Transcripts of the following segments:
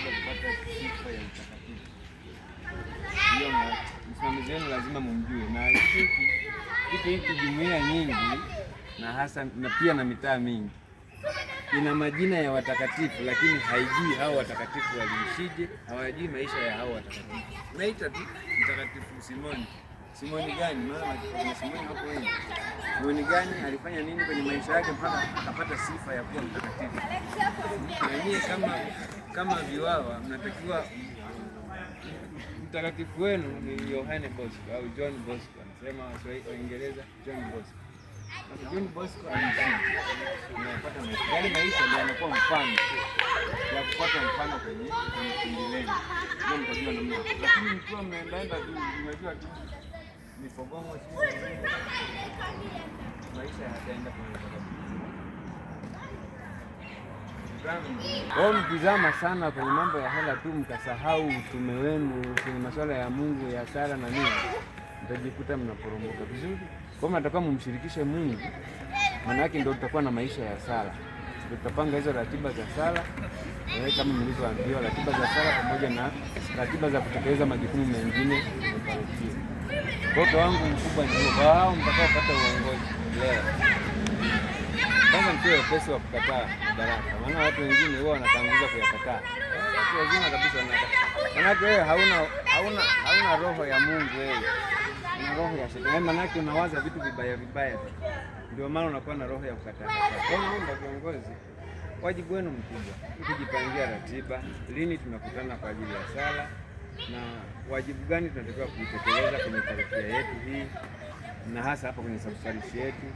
kuweza sifa ya utakatifu. Hiyo msimamizi wenu lazima mumjue, na kitu hiki jumuiya nyingi na hasa na pia na mitaa mingi ina majina ya watakatifu, lakini haijui hao watakatifu waliishije, hawajui maisha ya hao watakatifu. Naita tu mtakatifu Simoni. Simoni gani? Maana Simoni hapo wengi. Simoni gani alifanya nini kwenye maisha yake mpaka akapata sifa ya kuwa mtakatifu? Na nyie kama kama viwawa, mnatakiwa mtakatifu wenu ni Yohane Bosco au John Bosco, anasema Waingereza John Bosco. John Bosco anapata yaani maisha ndio anakuwa mfano ya kupata mfano kwenye ndio mtajua namna. Lakini mkiwa mnaendaenda tu, unajua tu maisha wao mkizama sana kwenye mambo ya hela tu, mkasahau utume wenu kwenye masuala ya Mungu ya sala na nini, mtajikuta mnaporomoka vizuri. Kwa hiyo nataka mumshirikishe Mungu, maana yake ndio tutakuwa na maisha ya sala. Tutapanga hizo ratiba za sala kama mlivyoambiwa, ratiba za sala pamoja na ratiba za kutekeleza majukumu mengine kwa wangu mkubwa ndio wao mtakaopata uongozi leo. Kwanza msiwe wepesi wa kukataa madaraka, maana watu wengine huwa wanatanguliza kuyakataa. Watu wazima kabisa Maanake wewe hauna, hauna, hauna roho ya Mungu, wewe na roho ya shetani, yaani maanake unawaza vitu vibaya vibaya, ndio maana unakuwa na roho ya kukataa. Naomba viongozi, wajibu wenu mkubwa kujipangia ratiba, lini tunakutana kwa ajili ya sala na wajibu gani tunatakiwa kuitekeleza kwenye parokia yetu hii na hasa hapa kwenye safari yetu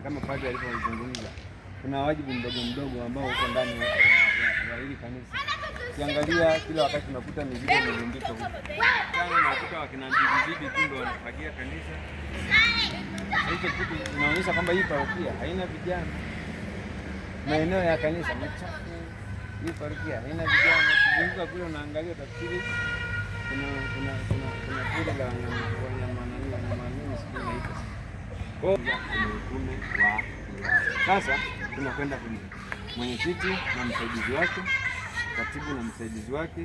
kama padri alivyozungumza, kuna wajibu mdogo mdogo ambao uko ndani ya hili kanisa. Ukiangalia kila wakati unakuta mizigo imerundika huko, unakuta wakina bibi tu ndio wanafagia kanisa. Hicho kitu inaonyesha kwamba hii parokia haina vijana, maeneo ya kanisa machafu. Hii parokia haina vijana. Ukizunguka kule unaangalia tafsiri kuna kuna kuna kundi la wanyama wanyama wanyama wanyama ume wa sasa tunakwenda kwenye mwenyekiti na msaidizi wake, katibu na msaidizi wake,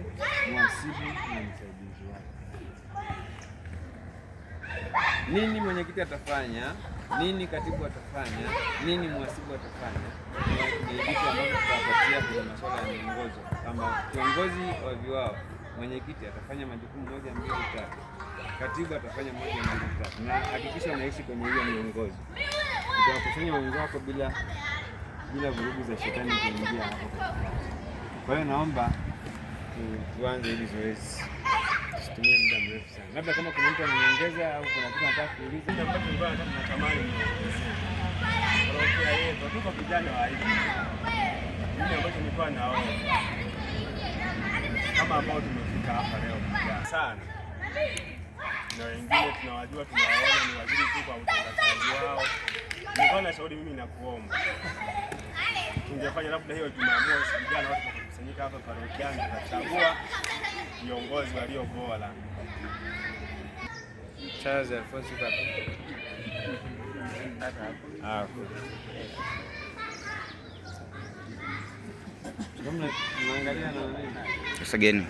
mwasibu na msaidizi wake. Nini mwenyekiti atafanya, nini katibu atafanya, nini mwasibu atafanya, ni vitu ambavyo tutapatia kwenye masuala ya miongozo, kama kiongozi wa viwao mwenyekiti atafanya majukumu moja mbili tatu katibu atafanya moja mbili tatu, na hakikisha unaishi kwenye hiyo miongozo. Utawakusanya wenzako bila bila vurugu za shetani kuingia hapo. Kwa hiyo naomba tuanze hili zoezi, tusitumie muda mrefu sana. Labda kama kuna mtu ananiongeza au kuna kitu nataka kuuliza, vijana wa ambacho nilikuwa naona kama ambao tumefika hapa leo sana na wengine tunawajua, tunawaona ni wazuri tu kwa utendakazi wao. Nikawa na shauri mimi, nakuomba tungefanya labda hiyo Jumamosi vijana wote tukusanyika hapa parokiani, tukachagua viongozi walio bora. Charles Alfonso Sageni.